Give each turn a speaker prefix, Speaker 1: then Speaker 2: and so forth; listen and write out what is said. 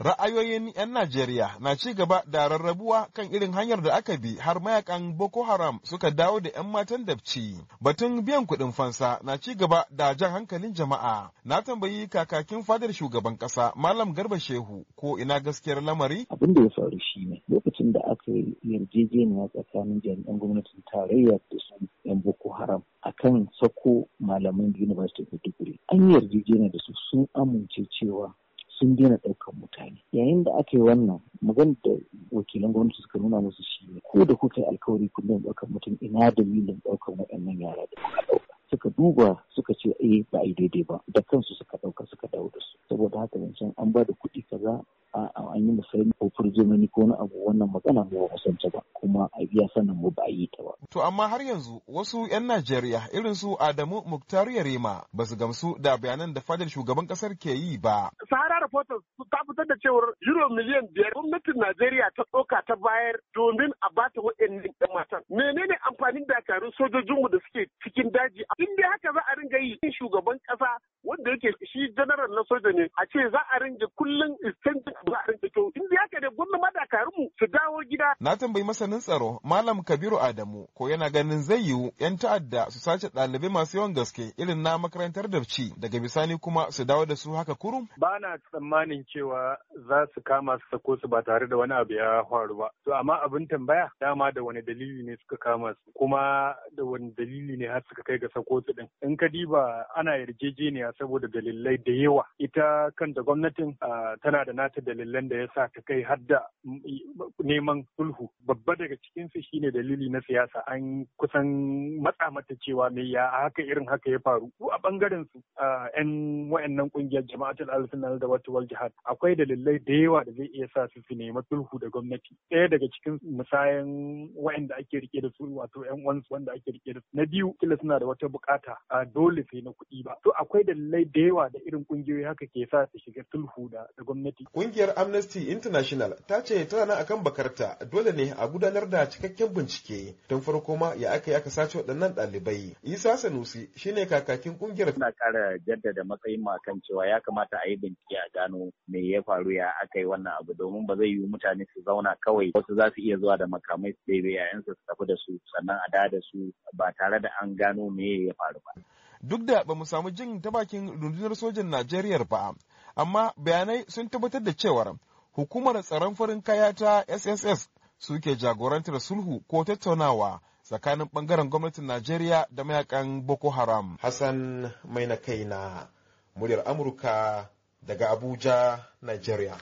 Speaker 1: ra'ayoyin 'yan Najeriya na ci gaba da rarrabuwa kan irin hanyar da aka bi har mayakan Boko Haram suka dawo da 'yan matan dabci. Batun biyan kuɗin fansa na ci gaba da jan hankalin jama'a. Na tambayi kakakin fadar shugaban ƙasa Malam Garba Shehu ko ina gaskiyar lamari?
Speaker 2: Abin da ya faru shi ne lokacin da aka yi yarjejeniya tsakanin jami'an gwamnatin tarayya da su 'yan Boko Haram akan sako malaman University of Maiduguri. An yarjejeniya da su sun amince cewa sun daina ɗaukar mutane yayin da aka yi wannan magana da wakilan gwamnati suka nuna musu shi ne ko da kuka yi alkawari kun daina ɗaukar mutum ina dalilin ɗaukar waɗannan yara da kuka ɗauka suka duba suka ce eh ba a yi daidai ba da kansu suka ɗauka suka dawo da su saboda haka zancen an ba da kuɗi kaza wani abu wannan magana ne ba san ba kuma a biya sanin mu ba yi ta ba.
Speaker 1: To amma har yanzu wasu 'yan Najeriya irin su Adamu Muktar Yarema ba su gamsu da bayanan da fadar shugaban kasar ke yi ba. Sahara Reporters ta fitar da
Speaker 3: cewar euro miliyan biyar gwamnatin Najeriya ta ɗauka ta bayar domin a ba ta waɗannan ɗan matan. Menene amfanin dakarun sojojinmu da suke cikin daji? In dai haka za a ringa yi shugaban ƙasa wanda yake shi general na soja ne a ce za a ringe kullum iskancin za a ringe to in haka da gwamnati makarun mu su dawo gida.
Speaker 1: Na tambayi masanin tsaro Malam Kabiru Adamu ko yana ganin zai yiwu 'yan ta'adda su sace ɗalibai masu yawan gaske irin na makarantar da ci. daga bisani kuma su dawo da su haka kurum. Ba na tsammanin cewa
Speaker 3: za su kama su sako su ba tare da wani abu ya faru ba. To amma abin tambaya dama da wani dalili ne suka kama su kuma da wani dalili ne har suka kai ga sako ɗin. din. In ka diba ana yarjejeniya saboda dalilai da yawa ita kanta gwamnatin tana da nata dalilan da ya sa ta kai hadda mm, neman sulhu babba daga cikin su shine dalili na siyasa an kusan matsa mata cewa me ya haka irin haka ya faru a bangaren su yan wayannan kungiyar jama'atul alsunnah da wata wal jihad akwai dalilai da yawa da zai iya sa su su nemi sulhu da gwamnati ɗaya daga cikin musayan wayanda ake rike da su wato yan wansu wanda ake rike da su na biyu kila suna da wata bukata dole sai na kuɗi
Speaker 1: ba to akwai dalilai dalilai da yawa da irin kungiyoyi haka ke sa su shiga tulhu da gwamnati. Kungiyar Amnesty International ta ce tana nan akan bakarta dole ne a gudanar da cikakken bincike tun farko ma ya aka aka sace waɗannan ɗalibai. Isa Sanusi shine kakakin kungiyar. Ina ƙara jaddada matsayin ma kan cewa ya kamata a yi bincike a gano me ya faru ya
Speaker 2: aka yi wannan abu domin ba zai yiwu mutane su zauna kawai wasu za su iya zuwa da makamai su ɗebe yayansu su
Speaker 1: tafi da su sannan a da su ba tare da an gano me ya faru ba. duk da ba mu samu jin ta bakin rundunar sojan Najeriya ba, amma bayanai sun tabbatar da cewar hukumar tsaron farin kaya ta SSS suke jagorantar sulhu ko tattaunawa tsakanin bangaren gwamnatin Najeriya da mayakan Boko Haram. Hassan mai na kai na muryar Amurka daga Abuja, Najeriya.